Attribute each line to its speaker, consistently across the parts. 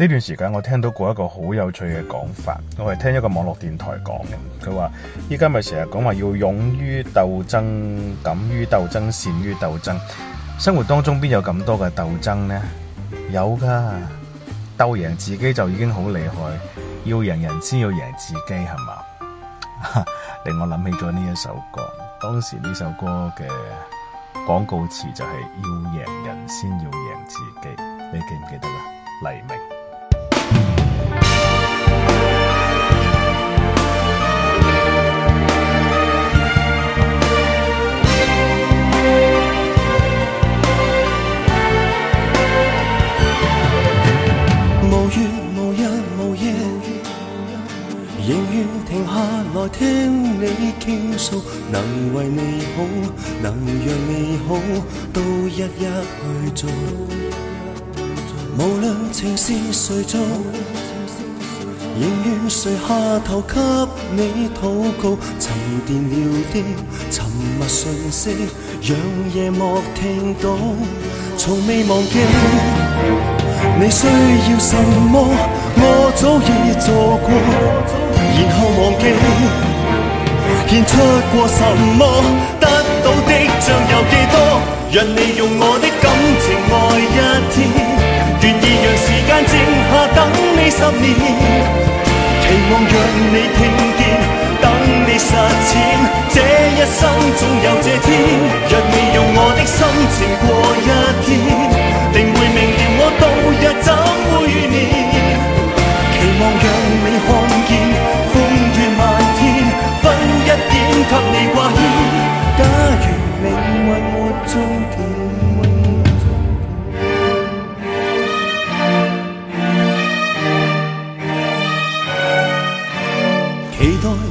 Speaker 1: 呢段時間我聽到過一個好有趣嘅講法，我係聽一個網絡電台講嘅。佢話：依家咪成日講話要勇於鬥爭、敢於鬥爭、善於鬥爭。生活當中邊有咁多嘅鬥爭呢？有噶，鬥贏自己就已經好厲害，要贏人先要贏自己，係嘛？ 令我諗起咗呢一首歌，當時呢首歌嘅廣告詞就係要贏人先要贏自己，你記唔記得啊？黎明。
Speaker 2: 來聽你傾訴，能為你好，能讓你好，都一一去做。無論情是誰做，仍願垂下頭給你禱告。沉澱了的沉默訊息，讓夜幕聽到，從未忘記。你需要什麼？我早已做過，然後忘記。獻出過什麼？得到的將有幾多？若你用我的感情愛一天，願意讓時間靜下等你十年，期望讓你聽見，等你實踐。這一生總有。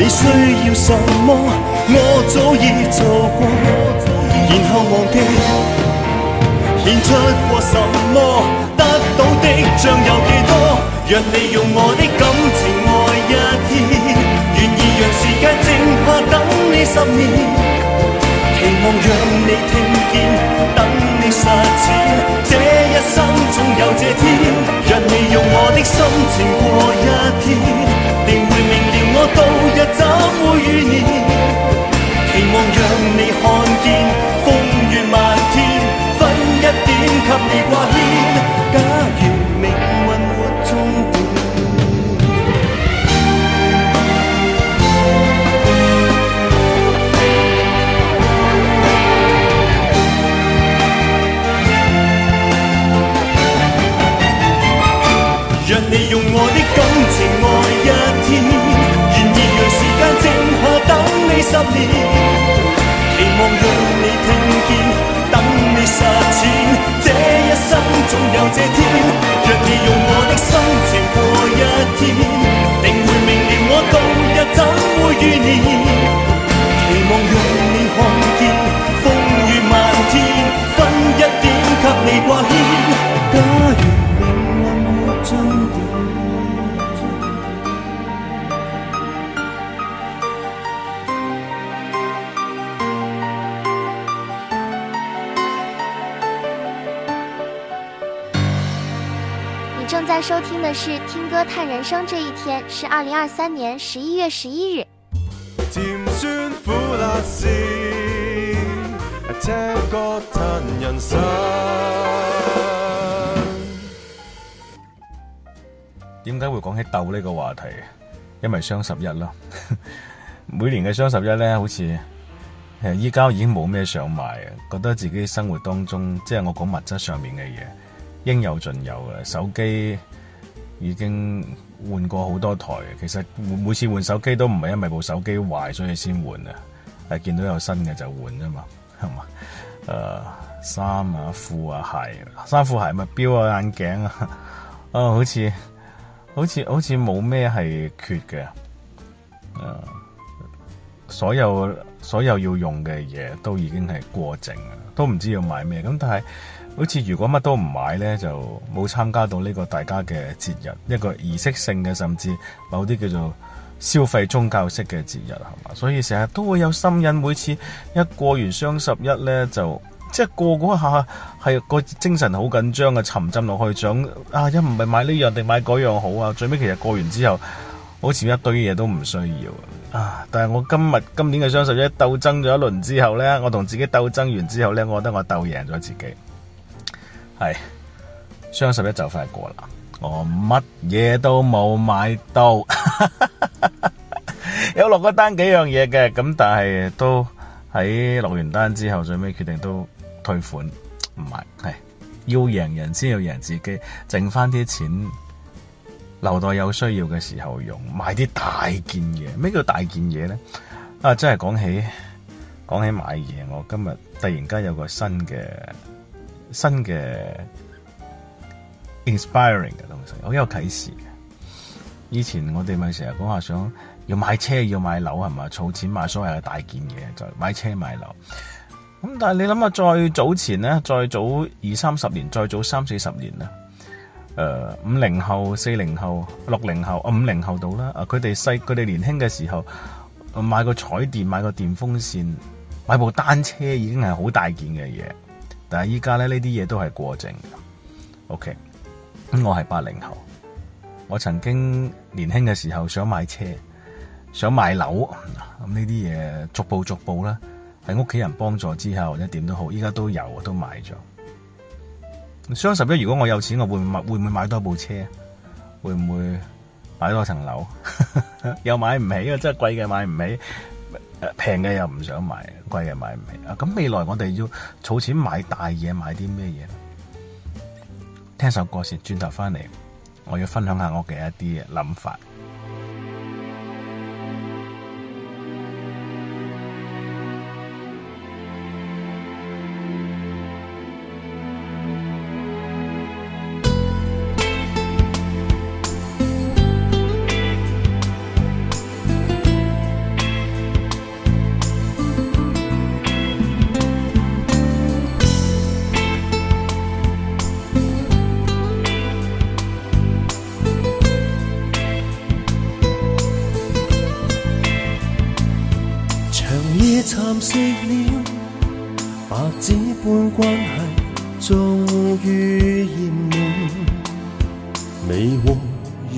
Speaker 2: 你需要什麼？我早已做過，然後忘記。獻出過什麼？得到的將有幾多？若你用我的感情愛一天，願意讓時間靜下等你十年，期望讓你聽見，等你。十年。人生這一天是二零二三年
Speaker 1: 十一月十一日。點解會講起斗呢個話題？因為雙十一咯。 每年嘅雙十一咧，好似誒，依家已經冇咩想買啊，覺得自己生活當中，即係、就是、我講物質上面嘅嘢，應有盡有啊，手機。已經換過好多台，其實每次換手機都唔係因為部手機壞所以先換啊，係見到有新嘅就換吖嘛，係嘛？誒、啊，衫啊、褲啊、鞋、衫褲鞋咪表啊、眼鏡啊，啊，好似好似好似冇咩係缺嘅，誒、啊，所有。所有要用嘅嘢都已經係過剩啊，都唔知要買咩咁。但係好似如果乜都唔買呢，就冇參加到呢個大家嘅節日，一個儀式性嘅，甚至某啲叫做消費宗教式嘅節日，係嘛？所以成日都會有心癮，每次一過完雙十一呢，就即係過嗰下，係個精神好緊張啊，沉浸落去想啊，一唔係買呢樣定買嗰樣好啊，最尾其實過完之後。好似一堆嘢都唔需要啊！但係我今日今年嘅雙十一鬥爭咗一輪之後呢，我同自己鬥爭完之後呢，我覺得我鬥贏咗自己。係雙十一就快過啦，我乜嘢都冇買到， 有落過單幾樣嘢嘅，咁但係都喺落完單之後，最尾決定都退款唔係。係要贏人先要贏自己，剩翻啲錢，留待有需要嘅時候用，買啲大件嘢。咩叫大件嘢咧？啊，真係講起講起買嘢，我今日突然間有個新嘅新嘅 inspiring 嘅東西，好有啟示嘅。以前我哋咪成日講話想要買車、要買樓係咪啊？儲錢買所謂嘅大件嘢，就係買車買樓。咁但係你諗下，再早前咧，再早二三十年，再早三四十年咧。誒五零後、四零後、六零後啊，uh, 五零後到啦。誒佢哋細佢哋年輕嘅時候，uh, 買個彩電、買個電風扇、買部單車已經係好大件嘅嘢。但係依家咧呢啲嘢都係過剩。OK，咁我係八零後，我曾經年輕嘅時候想買車、想買樓，咁呢啲嘢逐步逐步啦，喺屋企人幫助之後，或者點都好，依家都有都買咗。雙十一如果我有錢我會唔會買，會唔會買多部車？會唔會買多層樓？ 又買唔起啊！真係貴嘅買唔起，平嘅又唔想買，貴嘅買唔起啊！咁未來我哋要儲錢買大嘢，買啲咩嘢？聽首歌先，轉頭翻嚟，我要分享下我嘅一啲諗法。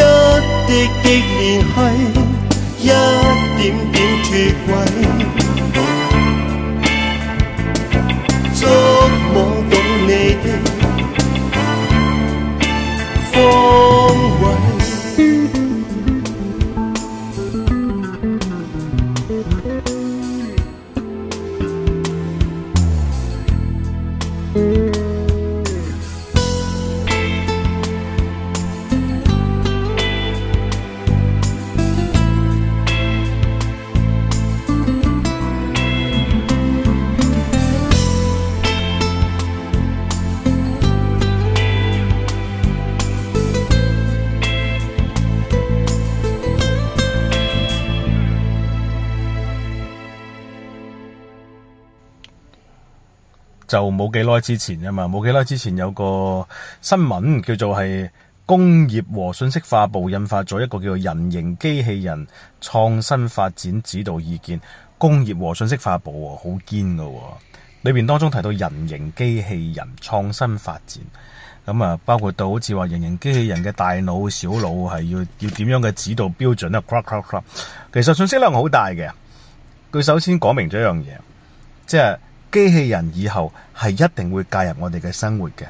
Speaker 2: 一滴的聯繫，一點點脫軌。
Speaker 1: 就冇幾耐之前吖嘛，冇幾耐之前有個新聞叫做係工業和信息化部印發咗一個叫做人形機器人創新發展指導意見。工業和信息化部好堅噶，喎，裏面當中提到人形機器人創新發展，咁啊包括到好似話人形機器人嘅大腦、小腦係要要點樣嘅指導標準咧、啊。其實信息量好大嘅，佢首先講明咗一樣嘢，即係。機器人以後係一定會介入我哋嘅生活嘅，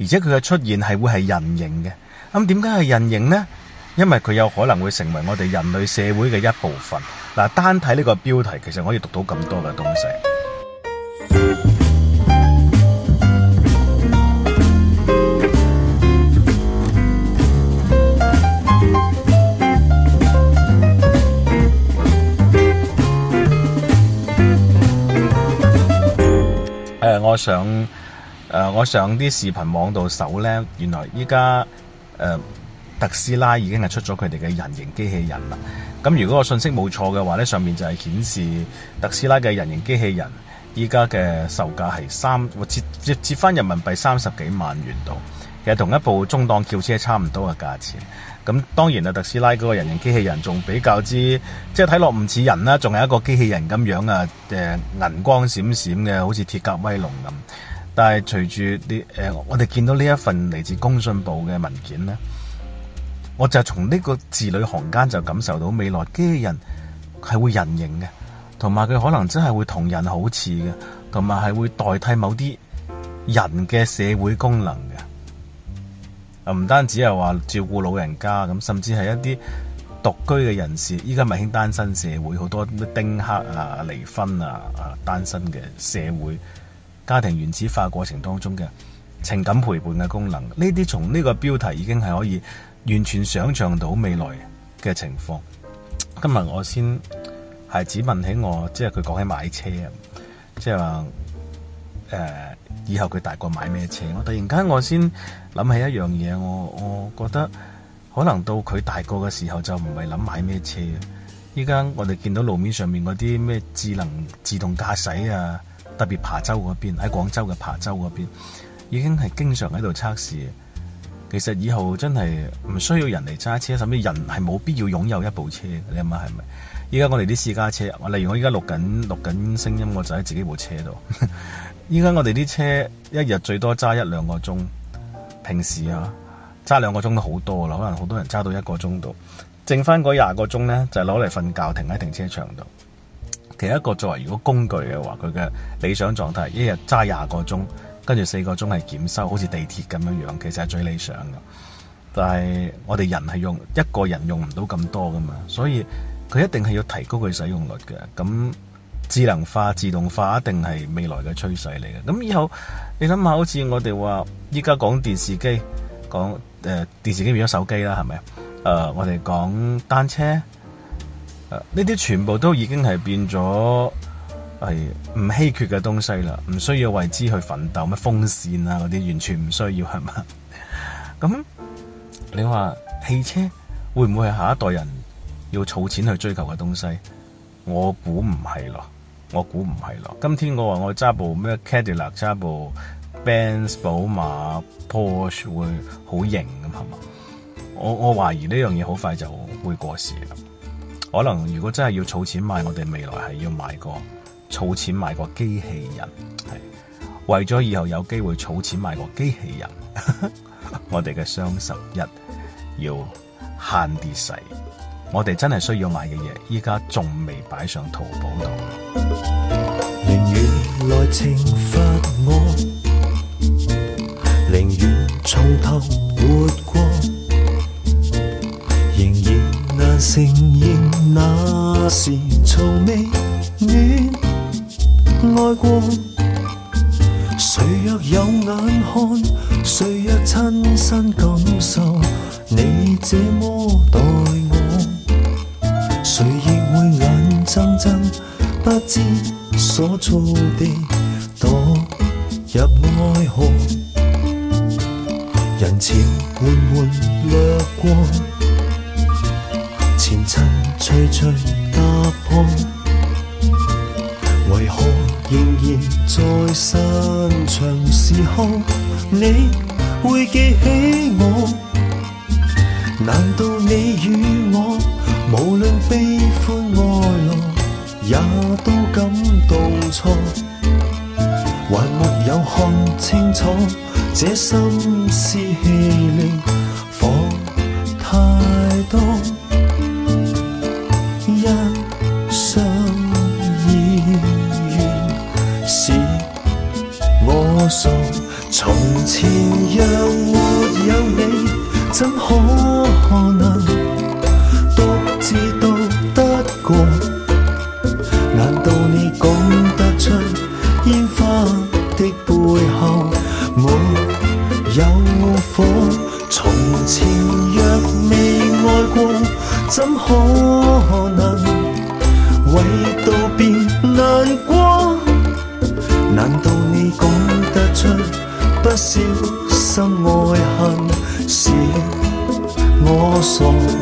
Speaker 1: 而且佢嘅出現係會係人形嘅。咁點解係人形呢？因為佢有可能會成為我哋人類社會嘅一部分。嗱，單睇呢個標題，其實可以讀到咁多嘅東西。誒、呃，我上誒、呃、我上啲視頻網度搜呢，原來依家、呃、特斯拉已經係出咗佢哋嘅人形機器人啦。咁如果個信息冇錯嘅話呢，上面就係顯示特斯拉嘅人形機器人依家嘅售價係三折折折返人民幣三十幾萬元度，其實同一部中檔轎車差唔多嘅價錢。咁當然啊，特斯拉嗰個人形機器人仲比較之，即係睇落唔似人啦，仲係一個機器人咁樣啊，誒、呃、銀光閃閃嘅，好似鐵甲威龍咁。但係隨住啲誒，我哋見到呢一份嚟自工信部嘅文件咧，我就從呢個字裏行間就感受到未來機器人係會人形嘅，同埋佢可能真係會同人好似嘅，同埋係會代替某啲人嘅社會功能嘅。唔單止係話照顧老人家咁，甚至係一啲獨居嘅人士，依家咪興單身社會，好多咩丁克啊、離婚啊、啊單身嘅社會家庭原子化過程當中嘅情感陪伴嘅功能，呢啲從呢個標題已經係可以完全想像到未來嘅情況。今日我先孩子問起我，即係佢講起買車，即係話誒。呃以後佢大個買咩車？我突然間，我先諗起一樣嘢，我我覺得可能到佢大個嘅時候就唔係諗買咩車。依家我哋見到路面上面嗰啲咩智能自動駕駛啊，特別琶洲嗰邊喺廣州嘅琶洲嗰邊，已經係經常喺度測試。其實以後真係唔需要人嚟揸車，甚至人係冇必要擁有一部車。你諗下係咪？依家我哋啲私家車，例如我依家錄緊錄緊聲音，我就喺自己部車度。 依家我哋啲車一日最多揸一兩個鐘，平時啊揸兩個鐘都好多啦，可能好多人揸到一個鐘度，剩翻嗰廿個鐘呢，就係攞嚟瞓覺，停喺停車場度。其一個作為如果工具嘅話，佢嘅理想狀態一日揸廿個鐘，跟住四個鐘係檢修，好似地鐵咁樣樣，其實係最理想噶。但係我哋人係用一個人用唔到咁多噶嘛，所以佢一定係要提高佢使用率嘅咁。智能化、自動化一定係未來嘅趨勢嚟嘅。咁以後你諗下，好似我哋話依家講電視機，講誒、呃、電視機變咗手機啦，係咪啊？誒、呃，我哋講單車，呢、呃、啲全部都已經係變咗係唔稀缺嘅東西啦，唔需要為之去奮鬥。咩風扇啊嗰啲完全唔需要，係咪？咁你話汽車會唔會係下一代人要儲錢去追求嘅東西？我估唔係咯。我估唔係咯，今天我話我揸部咩 Cadillac，揸部 Benz、寶馬、Porsche 會好型咁係嘛？我我懷疑呢樣嘢好快就會過時。可能如果真係要儲錢買，我哋未來係要買個儲錢買個機器人，係為咗以後有機會儲錢買個機器人。 我哋嘅雙十一要慳啲使，我哋真係需要買嘅嘢，依家仲未擺上淘寶度。來懲罰我，寧願從
Speaker 2: 頭活過，
Speaker 1: 仍然
Speaker 2: 難承認那時從未戀愛過。誰若有眼看，誰若親身感受你這麼待我，誰亦會眼睜睜不知。所措地墮入愛河，人潮緩緩掠過，前塵徐徐踏破，為何仍然在散場時候你？是我傻。Si,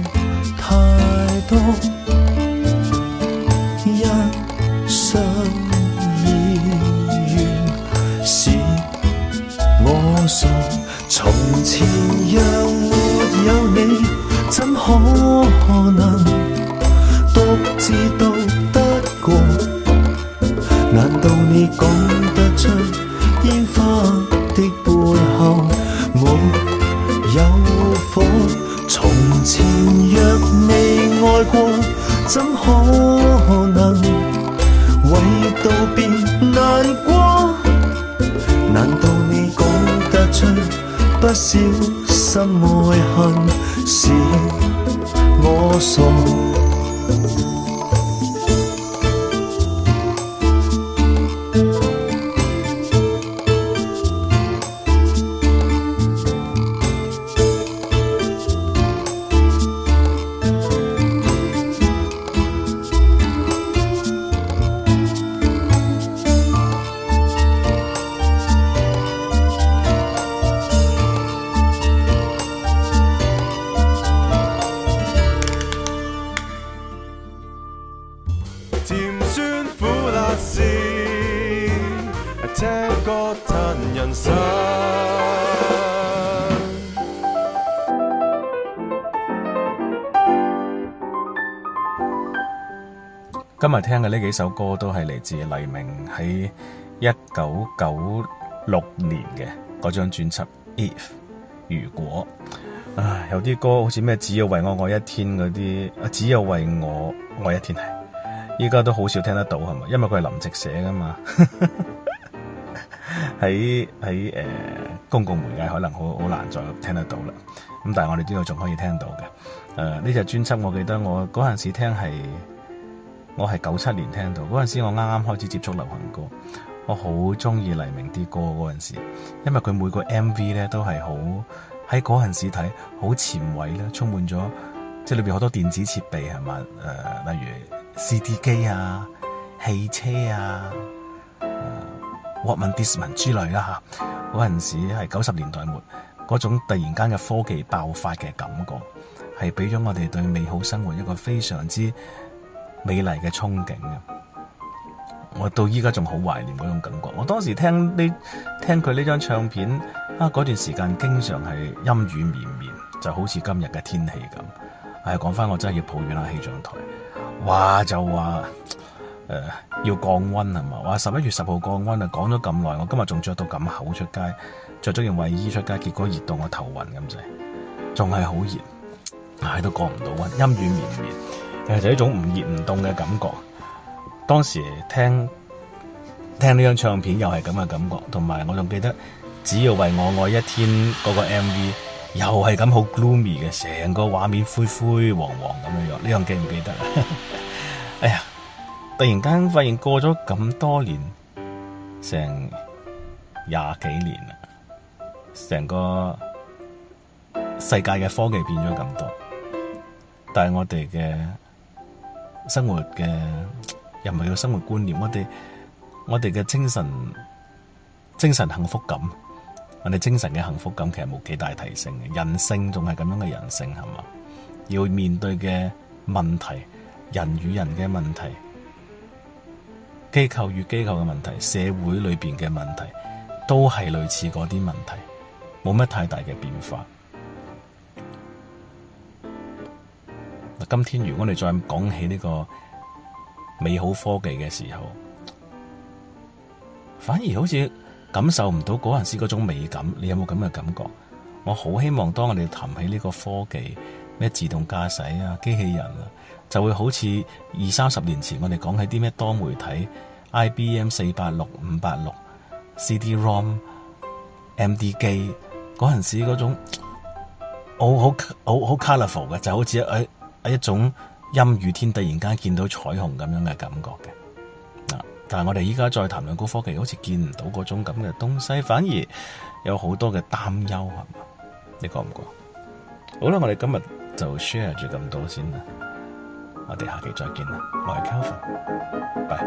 Speaker 2: 小心愛恨，是我傻。
Speaker 1: 今日聽嘅呢幾首歌都係嚟自黎明喺一九九六年嘅嗰張專輯《If 如果》，啊有啲歌好似咩只要為我愛一天嗰啲，啊只要為我愛一天係，依家都好少聽得到係咪？因為佢係林夕寫噶嘛，喺喺誒公共媒介可能好好難再聽得到啦。咁但係我哋呢度仲可以聽到嘅，誒呢隻專輯我記得我嗰陣時聽係。我係九七年聽到嗰陣時，我啱啱開始接觸流行歌，我好中意黎明啲歌嗰陣時，因為佢每個 M.V 咧都係好喺嗰陣時睇好前衞啦，充滿咗即係裏邊好多電子設備係嘛？誒，例如 C.D. 機啊、汽車啊、Walkman Discman 之類啦嚇，嗰陣、啊、時係九十年代末嗰種突然間嘅科技爆發嘅感覺，係俾咗我哋對美好生活一個非常之～美麗嘅憧憬啊！我到依家仲好懷念嗰種感覺。我當時聽呢聽佢呢張唱片啊，嗰段時間經常係陰雨綿綿，就好似今日嘅天氣咁。唉、哎，講翻我真係要抱怨下氣象台，嘩就話誒、呃、要降温係嘛？話十一月十號降温啊，講咗咁耐，我今日仲着到咁厚出街，着咗件衞衣出街，結果熱到我頭暈咁滯，仲係好熱，唉、啊、都降唔到温，陰雨綿綿。係就一種唔熱唔凍嘅感覺，當時聽聽呢張唱片又係咁嘅感覺，同埋我仲記得只要為我愛一天嗰個 MV 又係咁好 gloomy 嘅，成個畫面灰灰黃黃咁樣樣，呢樣記唔記得啊？ 哎呀，突然間發現過咗咁多年，成廿幾年啦，成個世界嘅科技變咗咁多，但係我哋嘅。生活嘅又唔係個生活觀念，我哋我哋嘅精神、精神幸福感，我哋精神嘅幸福感其實冇幾大提升嘅，人性仲係咁樣嘅人性，係嘛？要面對嘅問題，人與人嘅問題，機構與機構嘅問題，社會裏邊嘅問題，都係類似嗰啲問題，冇乜太大嘅變化。今天如果我哋再講起呢個美好科技嘅時候，反而好似感受唔到嗰陣時嗰種美感。你有冇咁嘅感覺？我好希望當我哋談起呢個科技咩自動駕駛啊、機器人啊，就會好似二三十年前我哋講起啲咩多媒體、IBM 四八六、五八六、CD-ROM、MD 機嗰陣時嗰種，好好好好 colorful 嘅，就好似誒。哎一種陰雨天突然間見到彩虹咁樣嘅感覺嘅，啊！但係我哋依家再談論高科技，好似見唔到嗰種咁嘅東西，反而有好多嘅擔憂，係嘛？你覺唔覺？嗯、好啦，我哋今日就 share 住咁多先啦，我哋下期再見啦，我係 Kelvin 拜。